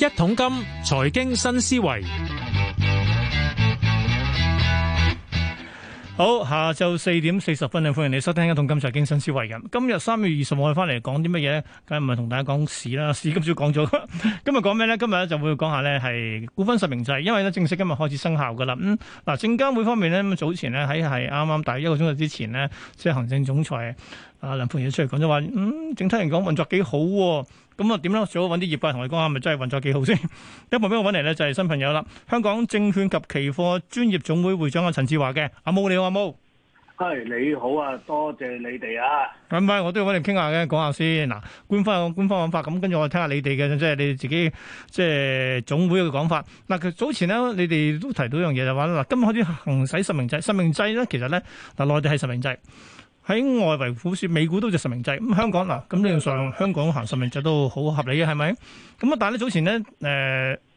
一桶金財經新思維，好，下晝四點四十分啊，歡迎你收聽一桶金財經新思維嘅。今日三月二十五號翻嚟講啲乜嘢咧？梗係唔係同大家講市啦，市今朝講咗，今日講咩咧？今日咧就會講下咧係股份實名制，因為咧正式今日開始生效噶啦。咁嗱，證監會方面咧咁早前咧喺係啱啱大約一個鐘頭之前咧，即係行政總裁。阿梁鳳儀出嚟講咗話，嗯，整體嚟講運作幾好、啊，咁啊點咧？最好揾啲業界同你講下，咪真係運作幾好先。一部畀我揾嚟呢，就係新朋友啦。香港證券及期貨專業總會會長阿陳志華嘅阿毛你好，阿毛，係你好啊，多謝你哋啊。唔係、啊，我都要揾嚟傾下嘅，講下先嗱。官方有官方講法咁，跟住我哋聽下你哋嘅，即、就、係、是、你自己即係、就是、總會嘅講法。嗱，早前呢，你哋都提到一樣嘢就話啦，嗱，今日開始行使實名制，實名制咧，其實咧嗱，內地係實名制。喺外圍股市，美股都就實名制。咁香港嗱，咁理論上香港行實名制都好合理嘅，係咪？咁啊，但係咧早前咧，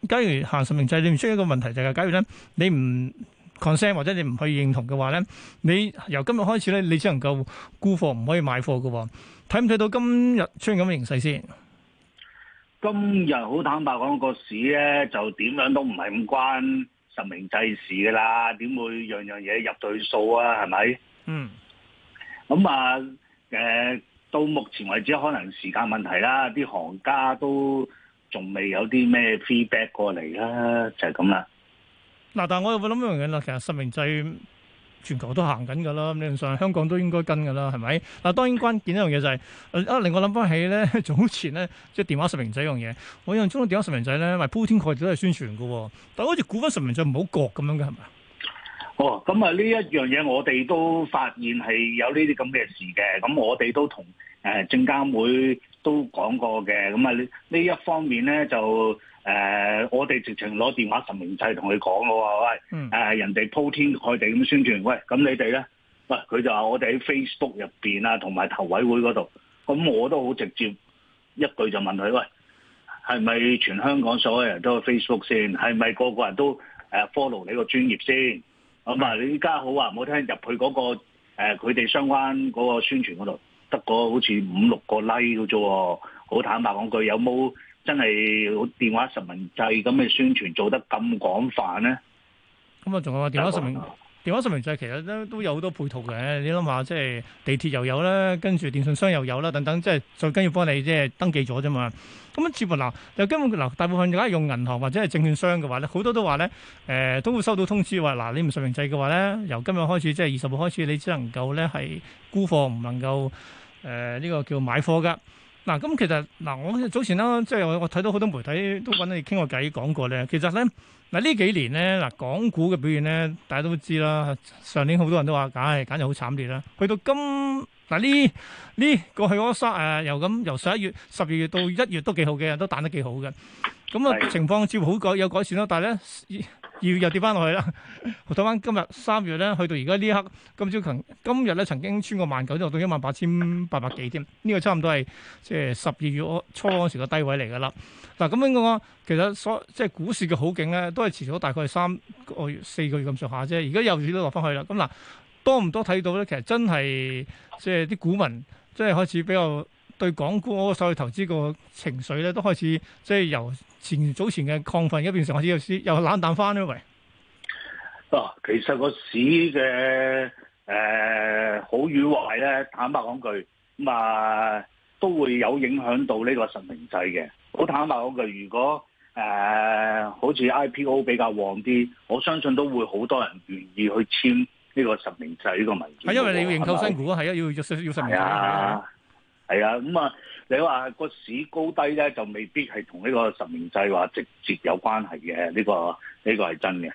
誒，假如行實名制，你唔出現一個問題就係，假如咧你唔 concern 或者你唔去認同嘅話咧，你由今日開始咧，你只能夠沽貨，唔可以買貨嘅。睇唔睇到今日出現咁嘅形勢先？今日好坦白講，個市咧就點樣都唔係咁關實名制事噶啦，點會樣樣嘢入對數啊？係咪？嗯。咁啊，誒、嗯嗯、到目前為止，可能時間問題啦，啲行家都仲未有啲咩 feedback 過嚟啦，就係咁啦。嗱，但係我又會諗一樣嘢啦，其實實名制全球都行緊噶啦，理論上香港都應該跟噶啦，係咪？嗱，當然關鍵一樣嘢就係，啊，令我諗翻起咧早前咧即、就係、電話實名制一樣嘢，我印象中電話實名制咧咪鋪天蓋地都係宣傳嘅，但係好似股份實名制唔好覺咁樣嘅，係咪？哦，咁啊呢一樣嘢我哋都發現係有呢啲咁嘅事嘅，咁、嗯、我哋都同誒、呃、證監會都講過嘅，咁啊呢呢一方面咧就誒、呃、我哋直情攞電話實名制同佢講咯喎，喂、呃，誒人哋鋪天蓋地咁宣傳，喂、呃，咁、嗯、你哋咧，喂、呃、佢就話我哋喺 Facebook 入邊啊，同埋投委會嗰度，咁、嗯、我都好直接一句就問佢，喂、呃，係咪全香港所有人都係 Facebook 先？係咪個個人都誒 follow 你個專頁先？咁啊！你依家好話唔好聽入去嗰、那個誒，佢、呃、哋相關嗰個宣傳嗰度得個好似五六個 like 嘅啫、哦，好坦白講句，有冇真係好電話實名制咁嘅宣傳做得咁廣泛咧？咁啊、嗯，仲有電話實名。電話實名制其實咧都有好多配套嘅，你諗下即係地鐵又有啦，跟住電信商又有啦，等等，即係再跟住幫你即係登記咗啫嘛。咁啊，接住嗱，又根本嗱大部分而家用銀行或者係證券商嘅話咧，好多都話咧誒，都會收到通知話嗱，你唔實名制嘅話咧，由今日開始即係二十號開始，你只能夠咧係沽貨，唔能夠誒呢個叫買貨㗎。嗱，咁、啊、其實嗱、啊，我早前啦，即係我我睇到好多媒體都揾你傾過偈講過咧，其實咧嗱呢、啊、幾年咧嗱、啊、港股嘅表現咧，大家都知啦。上年好多人都話：唉、哎，簡直好慘烈啦。去到今嗱呢呢過去嗰三誒，由咁由十一月、十二月到一月都幾好嘅，都彈得幾好嘅。咁、嗯、啊的情況似乎好改有改善啦，但係咧。要又跌翻落去啦！我睇翻今日三月咧，去到而家呢一刻，今朝曾今日咧曾經穿過萬九，就到一萬八千八百幾添。呢個差唔多係即係十二月初嗰時個低位嚟噶啦。嗱、啊，咁樣講其實所即係股市嘅好景咧，都係持續大概係三個月、四個月咁上下啫。而家又跌都落翻去啦。咁、嗯、嗱、啊，多唔多睇到咧？其實真係即係啲股民即係開始比較。對港股我所投資個情緒咧，都開始即係由前早前嘅亢奮，而變成開始又冷淡翻咧，喂。啊，其實個市嘅誒好與壞咧，坦白講句，咁啊都會有影響到呢個實名制嘅。好坦白講句，如果誒、呃、好似 IPO 比較旺啲，我相信都會好多人願意去簽呢個實名制呢、這個問題。係因為你要認購新股對啊，係啊，要要實名。係啊，咁啊、嗯，你話個市高低咧就未必係同呢個十年制話直接有關係嘅，呢，這個呢，這個係真嘅。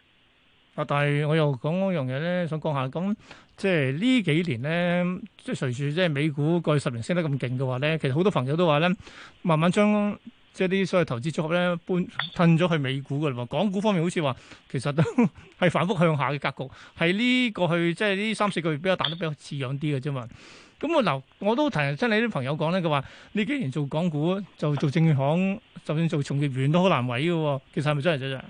啊，但係我又講一樣嘢咧，想講下，咁即係呢幾年咧，即係隨住即係美股過去十年升得咁勁嘅話咧，其實好多朋友都話咧，慢慢將即係啲所謂投資組合咧搬褪咗去美股噶啦，港股方面好似話其實都係反覆向下嘅格局，係呢個去即係呢三四個月比較打得比較似樣啲嘅啫嘛。咁我嗱，我都提親你啲朋友講咧，佢話你既然做港股就做證行，就算做從業員都好難揾嘅。其實係咪真係啫？誒、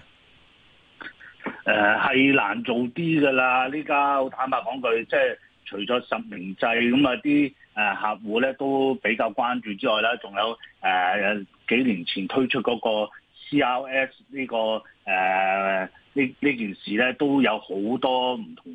呃，係難做啲嘅啦。呢家坦白講句，即係除咗實名制咁啊，啲誒客戶咧都比較關注之外啦，仲有誒、呃、幾年前推出嗰個 C R S 呢、呢個誒呢呢件事咧，都有好多唔同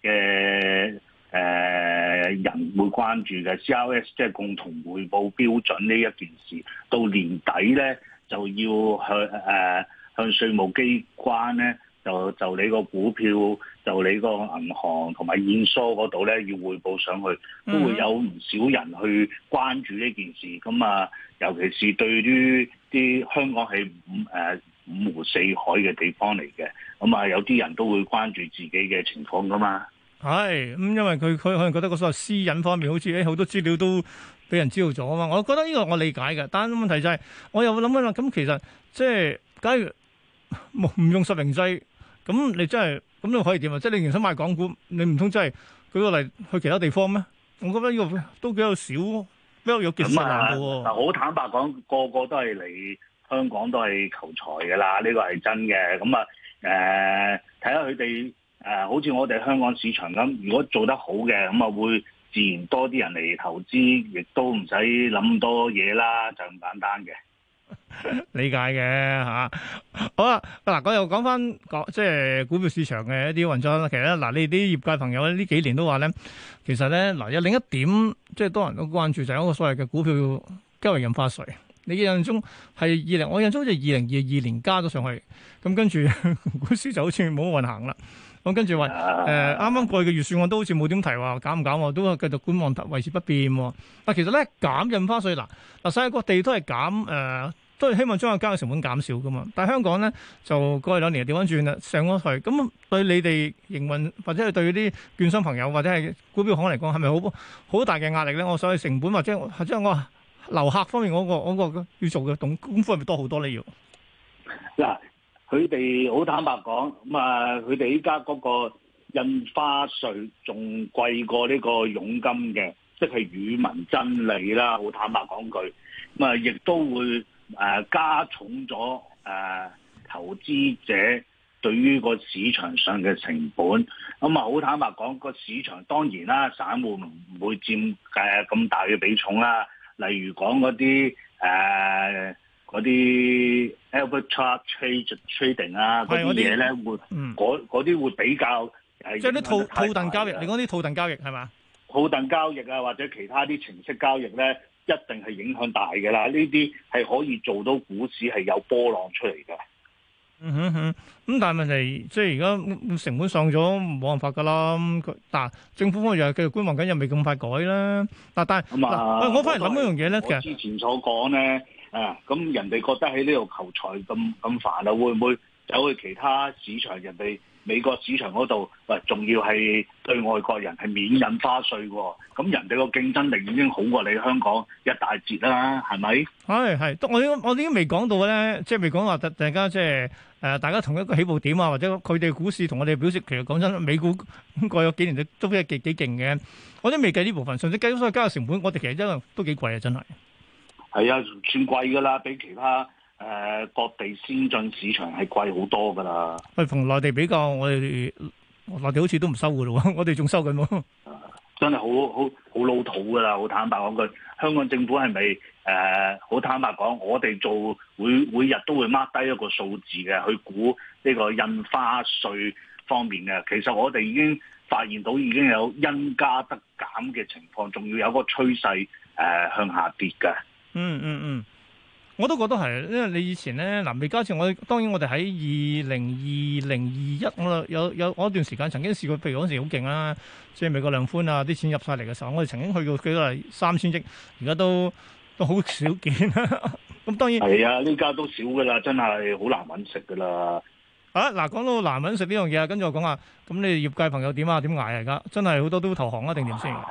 嘅。呃誒人會關注嘅 C R S 即係共同匯報標準呢一件事，到年底咧就要向誒、呃、向稅務機關咧，就就你個股票、就你個銀行同埋現鈔嗰度咧，要匯報上去，都會有唔少人去關注呢件事。咁啊，尤其是對於啲香港係五誒、呃、五湖四海嘅地方嚟嘅，咁啊有啲人都會關注自己嘅情況㗎嘛。係咁、哎嗯，因為佢佢可能覺得個所謂私隱方面，好似誒好多資料都俾人知道咗啊嘛。我覺得呢個我理解嘅，但問題就係、是、我又諗一諗，咁、嗯、其實即係假如唔用實名制，咁你真係咁又可以點啊？即係你原想買港股，你唔通真係舉個例去其他地方咩？我覺得呢個都比較少比較有嘅成分嗱，好、嗯嗯、坦白講，個個都係嚟香港都係求財嘅啦，呢、這個係真嘅。咁啊誒，睇下佢哋。看看誒、呃，好似我哋香港市場咁，如果做得好嘅，咁啊會自然多啲人嚟投資，亦都唔使諗咁多嘢啦，就咁簡單嘅理解嘅吓、啊。好啦、啊，嗱、啊，我又講翻講即係股票市場嘅一啲運作啦。其實咧，嗱、啊，你啲業界朋友咧呢幾年都話咧，其實咧嗱、啊、有另一點即係，多人都關注就有、係、一個所謂嘅股票交易印花稅。你印象中係二零我印象中就二零二二年加咗上去，咁跟住股市就好似冇乜運行啦。咁跟住話誒，啱、呃、啱過去嘅預算案都好似冇點提話減唔減喎，都係繼續觀望，維持不變喎。但其實咧減印花稅嗱嗱，世界各地都係減誒，都係希望將個交易成本減少噶嘛。但係香港咧就過去兩年係調翻轉啦，上咗去。咁對你哋營運或者係對啲券商朋友或者係股票行嚟講，係咪好好大嘅壓力咧？我所以成本或者或者我留客方面嗰個要做嘅工功夫是是多多，係咪多好多咧？要嗱。佢哋好坦白講，咁啊，佢哋依家嗰個印花稅仲貴過呢個佣金嘅，即係與民爭利啦。好坦白講句，咁啊，亦都會誒加重咗誒投資者對於個市場上嘅成本。咁啊，好坦白講，個市場當然啦，散戶唔會佔誒咁大嘅比重啦。例如講嗰啲誒。啊嗰啲 alphabet trading 啊，嗰啲嘢咧，嗯、會嗰嗰啲會比較誒，即係啲套套戥交易，你講啲套戥交易係嘛？套戥交易啊，或者其他啲程式交易咧，一定係影響大嘅啦。呢啲係可以做到股市係有波浪出嚟嘅。嗯哼哼，咁、嗯、但係問題，即係而家成本上咗，冇辦法噶啦。咁佢嗱，政府方又係佢觀望緊，又未咁快改啦。嗱，但係喂麼、哎，我返嚟諗一樣嘢咧，其實之前所講咧。啊，咁、嗯、人哋覺得喺呢度求財咁咁煩啊，會唔會走去其他市場？人哋美國市場嗰度，喂，仲要係對外國人係免印花稅喎。咁、嗯、人哋個競爭力已經好過你香港一大截啦，係咪？係係，我我我哋都未講到咧，即係未講話大大家即係誒大家同一個起步點啊，或者佢哋股市同我哋表示。其實講真，美股過咗幾年都都係幾幾勁嘅。我都未計呢部分，甚至計咗所有交易成本，我哋其實真係都幾貴啊，真係。係啊，算貴噶啦，比其他誒各、呃、地先進市場係貴好多噶啦。喂，同內地比較，我哋內地好似都唔收噶咯喎，我哋仲收緊喎、啊。真係好好好老土噶啦！好坦白講句，香港政府係咪誒好坦白講？我哋做每每日都會掹低一個數字嘅，去估呢個印花稅方面嘅。其實我哋已經發現到已經有因加得減嘅情況，仲要有個趨勢誒、呃、向下跌嘅。嗯嗯嗯，我都覺得係，因為你以前咧，嗱，未加錢。我當然我哋喺二零二零二一，我有有嗰段時間曾經試過，譬如嗰時好勁啦，即係美國量寬啊，啲錢入晒嚟嘅時候，我哋曾經去到幾多？係三千億，而家都都好少見咁 當然係啊，呢家都少噶啦，真係好難揾食噶啦。啊，嗱，講到難揾食呢樣嘢啊，跟住我講下，咁你業界朋友點啊？點捱啊？而家真係好多都投降啊？定點先？哎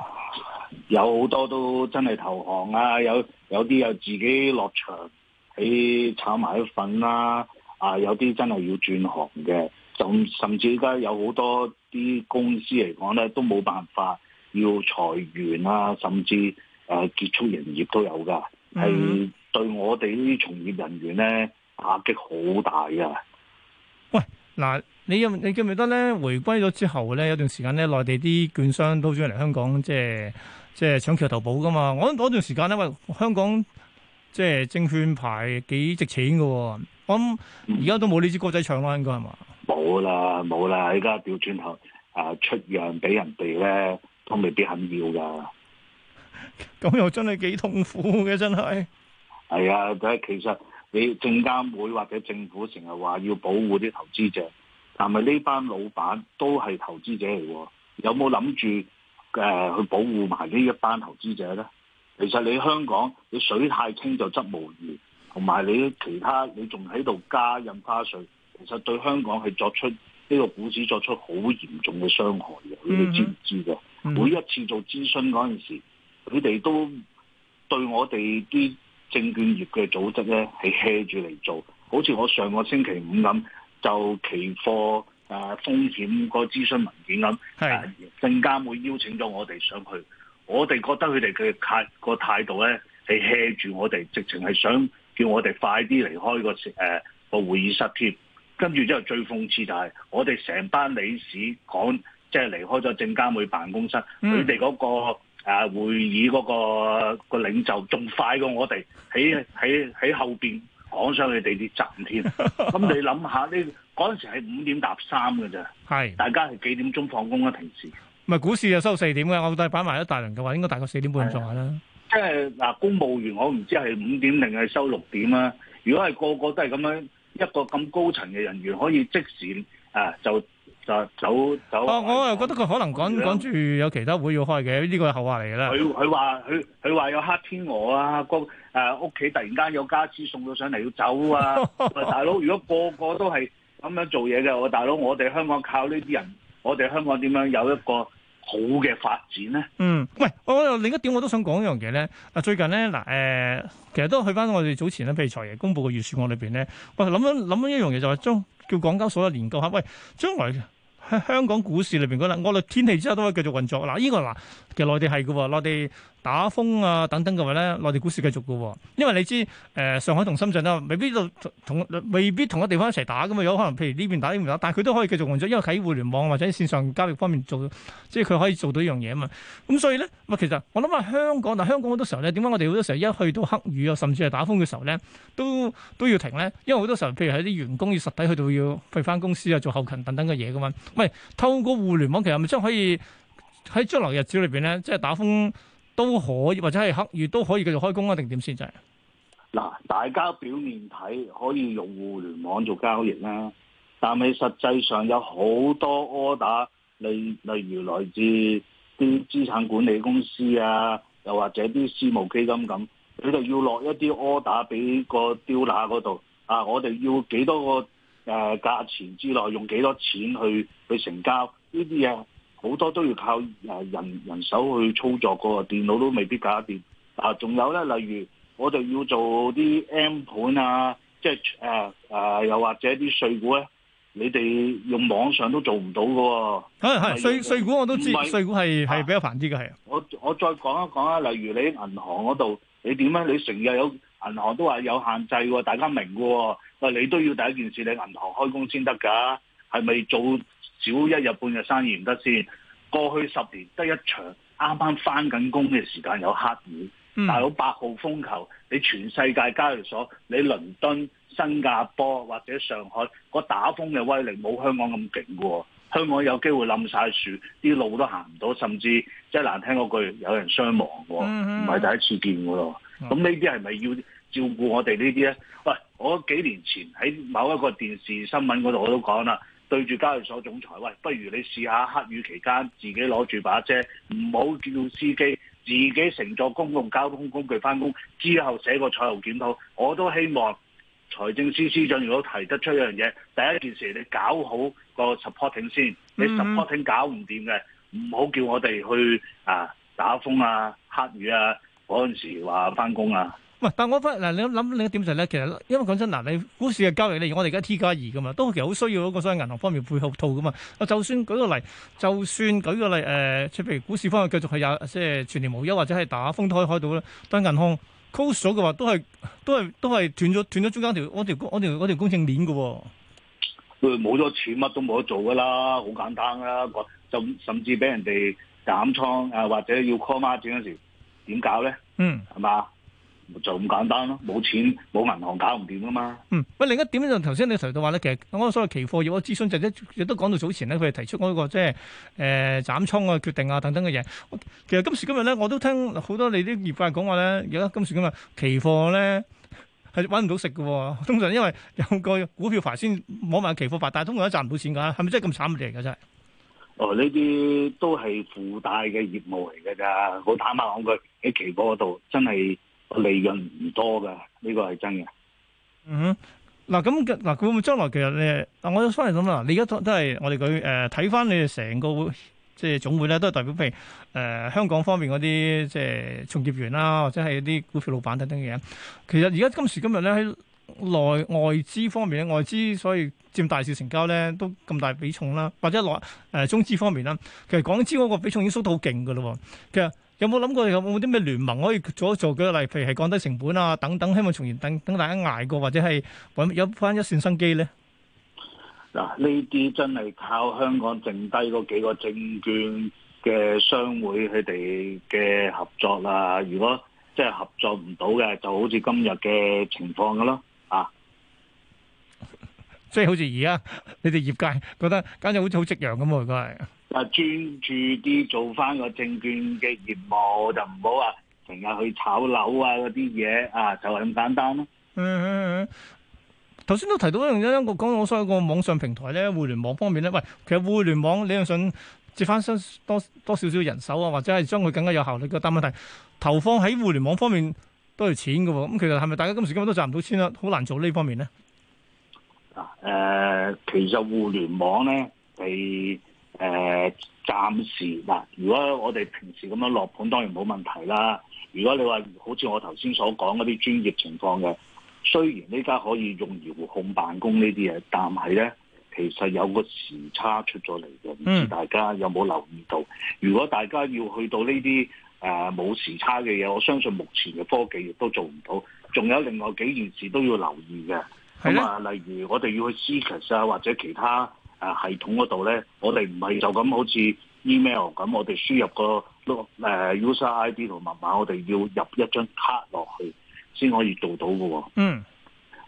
有好多都真係投降啊！有有啲又自己落場喺炒埋一份啦、啊，啊有啲真係要轉行嘅，甚甚至而家有好多啲公司嚟講咧，都冇辦法要裁員啊，甚至誒、呃、結束營業都有噶，係對我哋呢啲從業人員咧打擊好大噶、啊。喂，嗱。你有你記唔記得咧？回歸咗之後咧，有段時間咧，內地啲券商都好專嚟香港，即係即係搶橋頭堡噶嘛？我諗嗰段時間咧，喂，香港即係證券牌幾值錢噶喎？我諗而家都冇呢支歌仔唱啦，應該係嘛？冇啦，冇啦，依家調轉頭啊，出讓俾人哋咧，都未必肯要噶。咁 又真係幾痛苦嘅，真係。係啊，即係其實你證監會或者政府成日話要保護啲投資者。但係呢班老闆都係投資者嚟，有冇諗住誒去保護埋呢一班投資者咧？其實你香港你水太清就則無魚，同埋你其他你仲喺度加印花稅，其實對香港係作出呢個股市作出好嚴重嘅傷害嘅，你哋知唔知㗎？Mm hmm. mm hmm. 每一次做諮詢嗰陣時，佢哋都對我哋啲證券業嘅組織咧係 hea 住嚟做，好似我上個星期五咁。就期貨誒、啊、風險個諮詢文件咁，係證的、啊、監會邀請咗我哋上去，我哋覺得佢哋嘅態個態度咧係 hea 住我哋，直情係想叫我哋快啲離開、嗰個誒、啊嗰個會議室添。跟住之後最諷刺就係我哋成班理事講，即係離開咗證監會辦公室，佢哋嗰個誒、啊、會議嗰、嗰個、嗰個嗰個領袖仲快過我哋喺喺喺後邊。趕上去地鐵站添，咁 你諗下呢？嗰陣時係五點搭三嘅咋，係是大家係幾點鐘放工咧？平時咪股市又收四點嘅，我但係擺埋一大輪嘅話，應該大概四點半上下啦。即係嗱，公務員我唔知係五點定係收六點啦、啊。如果係個個都係咁樣，一個咁高層嘅人員可以即時啊，就就走走。哦、啊，我又覺得佢可能趕趕住有其他會要開嘅，呢的個係後話嚟㗎。佢佢話佢佢話有黑天鵝啊，誒屋企突然間有家俬送到上嚟要走啊！ 哎、大佬，如果個個都係咁樣做嘢嘅，我大佬，我哋香港靠呢啲人，我哋香港點樣有一個好嘅發展咧？嗯，喂，我另一點我都想講一樣嘢咧。最近咧嗱誒，其實都去返我哋早前咧，譬如財爺公布嘅預算案裏邊咧，我諗緊諗緊一樣嘢就話、是、將叫港交所咧研究下，喂，將來香港股市裏邊嗰粒我哋天氣之後都可以繼續運作。嗱，呢、這個嗱嘅內地係嘅喎，內地。打風啊！等等嘅話咧，內地股市繼續嘅、哦，因為你知誒、呃、上海同深圳咧，未必到，同未必同一地方一齊打嘅嘛。有可能譬如呢邊打，呢邊打，但係佢都可以繼續運作，因為喺互聯網或者線上交易方面做，即係佢可以做到一樣嘢啊嘛。咁所以咧，咪其實我諗下香港啊，但香港好多時候咧，點解我哋好多時候一去到黑雨啊，甚至係打風嘅時候咧，都都要停咧，因為好多時候譬如係啲員工要實體去到要去翻公司啊，做後勤等等嘅嘢嘅嘛。喂，透過互聯網，其實咪將可以喺將來日子裏邊咧，即係打風。都可以，或者係黑月都可以繼續開工啊？定點先？即嗱，大家表面睇可以用互聯網做交易啦，但係實際上有好多 order，例例如來自啲資產管理公司啊，又或者啲私募基金咁，你哋要落一啲 order 俾個 dealer 嗰度啊，我哋要幾多個誒價錢之內用幾多錢去去成交呢啲嘢。好多都要靠誒人人手去操作個電腦都未必搞得掂啊！仲有咧，例如我哋要做啲 M 盤啊，即係誒誒，又或者啲稅股咧，你哋用網上都做唔到㗎喎。係係，稅稅股我都知，稅股係係比較煩啲嘅係。我我再講一講啊，例如你銀行嗰度，你點樣？你成日有銀行都話有限制喎，大家明㗎喎。你都要第一件事，你銀行開工先得㗎，係咪做？少一日半日生意唔得先。過去十年得一場，啱啱返緊工嘅時間有黑雨，大佬八號風球，你全世界交易所，你倫敦、新加坡或者上海個打風嘅威力冇香港咁勁嘅喎。香港有機會冧晒樹，啲路都行唔到，甚至即係難聽嗰句有人傷亡喎，唔係、嗯嗯、第一次見嘅咯。咁呢啲係咪要照顧我哋呢啲咧？喂，我幾年前喺某一個電視新聞嗰度我都講啦。對住交易所總裁，喂，不如你試下黑雨期間自己攞住把遮，唔好叫司機自己乘坐公共交通工具翻工，之後寫個災後檢討。我都希望財政司司長如果提得出一樣嘢，第一件事你搞好個 supporting 先，你 supporting 搞唔掂嘅，唔好叫我哋去啊打風啊黑雨啊嗰陣時話翻工啊。但我覺得嗱，你諗另一點就係咧，其實因為講真嗱，你股市嘅交易咧，而我哋而家 T 加二嘅嘛，都其實好需要嗰個所謂銀行方面配合套嘅嘛。啊，就算舉個例，就算舉個例誒，即係譬如股市方面繼續係有即係、呃、全年無休，或者係打風都可以開到咧，但係銀行 close 咗嘅話，都係都係都係斷咗斷咗中間條嗰條嗰條嗰條工程鏈嘅喎。誒，冇咗錢，乜都冇得做㗎啦，好簡單㗎啦。就甚至俾人哋減倉啊，或者要 call 孖展嗰時點搞咧？呢嗯，係嘛？就咁簡單咯，冇錢冇銀行搞唔掂噶嘛。嗯，喂，另一點就頭先你提到話咧，其實我所謂期貨業我諮詢，就一亦都講到早前咧，佢哋提出嗰個即係誒斬倉嘅決定啊等等嘅嘢。其實今時今日咧，我都聽好多你啲業界講話咧，而家今時今日期貨咧係揾唔到食㗎。通常因為有個股票牌先摸埋期貨牌，但係通常都賺唔到錢㗎，係咪真係咁慘嘅嚟㗎？真係。哦，呢啲都係附帶嘅業務嚟㗎咋，好坦白講句喺期貨嗰度真係。利潤唔多噶，呢、這個係真嘅。嗯，嗱咁嗱，佢將來其實咧，嗱，我翻嚟諗啦。你而家都係我哋舉誒睇翻你哋成個即係、呃呃、總會咧，都係代表譬如誒香港方面嗰啲即係從業員啦，或者係啲股票老闆等等嘅嘢。其實而家今時今日咧，喺內外資方面咧，外資所以佔大小成交咧都咁大比重啦，或者內誒、呃呃、中資方面啦，其實港資嗰個比重已經縮到好勁噶啦。其實。有冇諗過有冇啲咩聯盟可以做一做？舉個例，譬如係降低成本啊，等等，希望從而等等大家捱過，或者係搵有翻一綫生機咧。嗱，呢啲真係靠香港剩低嗰幾個證券嘅商會佢哋嘅合作啦。如果即係合作唔到嘅，就好似今日嘅情況噶咯。啊，即係好似而家你哋業界覺得，簡直好似好夕陽咁啊！應該係。啊，專注啲做翻嗰證券嘅業務，就唔好話成日去炒樓啊嗰啲嘢啊，就係咁簡單咯、啊嗯。嗯嗯嗯，頭先都提到一樣嘢，我講到所有個網上平台咧，互聯網方面咧，喂，其實互聯網你又想接翻多多多少少人手啊，或者係將佢更加有效率嘅，但問題投放喺互聯網方面都要錢嘅喎。咁、嗯、其實係咪大家今時今日都賺唔到錢啊？好難做呢方面咧。啊，誒，其實互聯網咧係。誒、呃，暫時嗱，如果我哋平時咁樣落盤，當然冇問題啦。如果你話好似我頭先所講嗰啲專業情況嘅，雖然呢家可以用遙控辦公呢啲嘢，但係咧，其實有個時差出咗嚟嘅，唔知大家有冇留意到？如果大家要去到呢啲誒冇時差嘅嘢，我相信目前嘅科技亦都做唔到。仲有另外幾件事都要留意嘅，咁啊，例如我哋要去 Skype 啊，或者其他。啊，系統嗰度咧，我哋唔係就咁好似 email 咁，我哋輸入個碌誒、呃、user ID 同密碼，我哋要入一張卡落去先可以做到嘅喎、哦。嗯，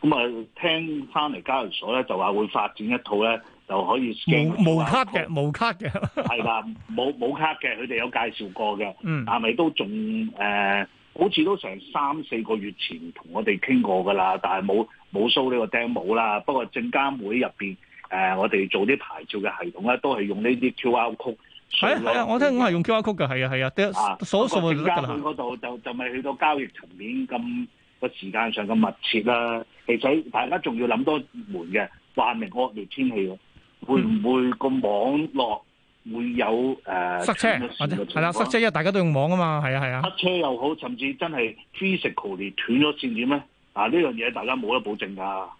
咁啊、嗯，聽翻嚟交易所咧就話會發展一套咧，就可以無冇卡嘅，冇說卡嘅，係啦，冇 冇卡嘅，佢哋有介紹過嘅。嗯、但係都仲誒、呃，好似都成三四個月前同我哋傾過噶啦，但係冇冇 show 呢個釘帽啦。Demo, 不過證監會入邊。誒，我哋做啲牌照嘅系統咧，都係用呢啲 Q R code。係啊，係啊，我聽講係用 Q R code 嘅，係啊，係啊，得啊，所所嗰度就就咪去到交易層面咁個時間上咁密切啦、啊。其實大家仲要諗多門嘅，話明惡劣天氣，會唔會個網絡會有誒、呃、塞車？係啦，塞車，因為大家都用網啊嘛，係啊，係啊。塞車又好，甚至真係 physically 斷咗線點咧？啊，呢樣嘢大家冇得保證噶。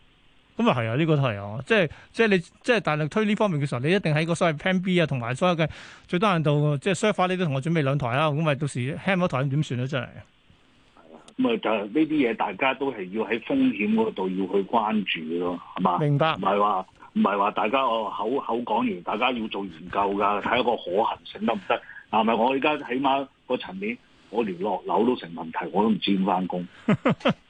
咁啊係啊，呢、 這個都係啊，即係即係你即係大力推呢方面嘅時候，你一定喺個所謂 pan B 啊，同埋所有嘅最多限度即係 so far 你都同我準備兩台啦。咁咪到時輕咗台點算咧？真係。係啊，咁啊就係呢啲嘢，大家都係要喺風險嗰度要去關注咯，係嘛？明白，唔係話唔係話大家我口口講完，大家要做研究㗎，睇一個可行性得唔得？係，咪我而家起碼個層面。我連落樓都成問題，我都唔知點翻工。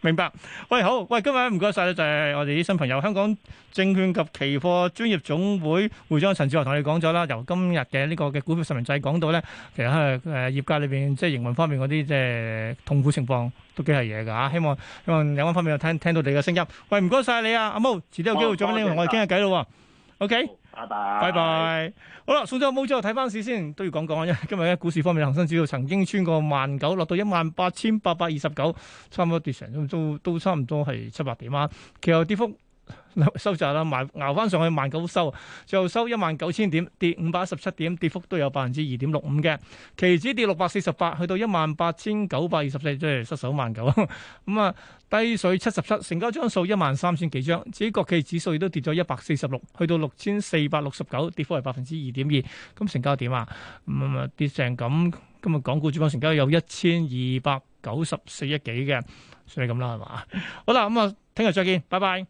明白，喂，好，喂，今日唔該晒，咧，就係、是、我哋啲新朋友，香港證券及期貨專業總會會長陳志華同你講咗啦。由今日嘅呢個嘅股票實名制講到咧，其實喺誒、呃、業界裏邊，即、就、係、是、營運方面嗰啲即係痛苦情況都幾係嘢㗎嚇。希望，希望有關方面有聽聽到你嘅聲音。喂，唔該晒你啊，阿毛，遲啲有機會再揾、哦、你同謝謝 我哋傾下偈咯。啊、OK。拜拜，好啦，送咗個毛之後睇翻市先，都要講講，因為今日咧股市方面，恒生指數曾經穿過萬九，落到一萬八千八百二十九，差唔多跌成都都差唔多係七百幾點啊，其後跌幅。收窄啦，捱返上去萬九收，最後收一萬九千點，跌五百一十七點，跌幅都有百分之二點六五嘅。期指跌六百四十八，去到一萬八千九百二十四，即係失守萬九咁啊，低水七十七，成交張數一萬三千幾張。至於國企指數亦都跌咗一百四十六，去到六千四百六十九，跌幅係百分之二點二。咁成交點啊，咁啊跌成咁。今日港股主板成交有一千二百九十四億幾嘅，算係咁啦，係嘛？好啦，咁、嗯、啊，聽日再見，拜拜。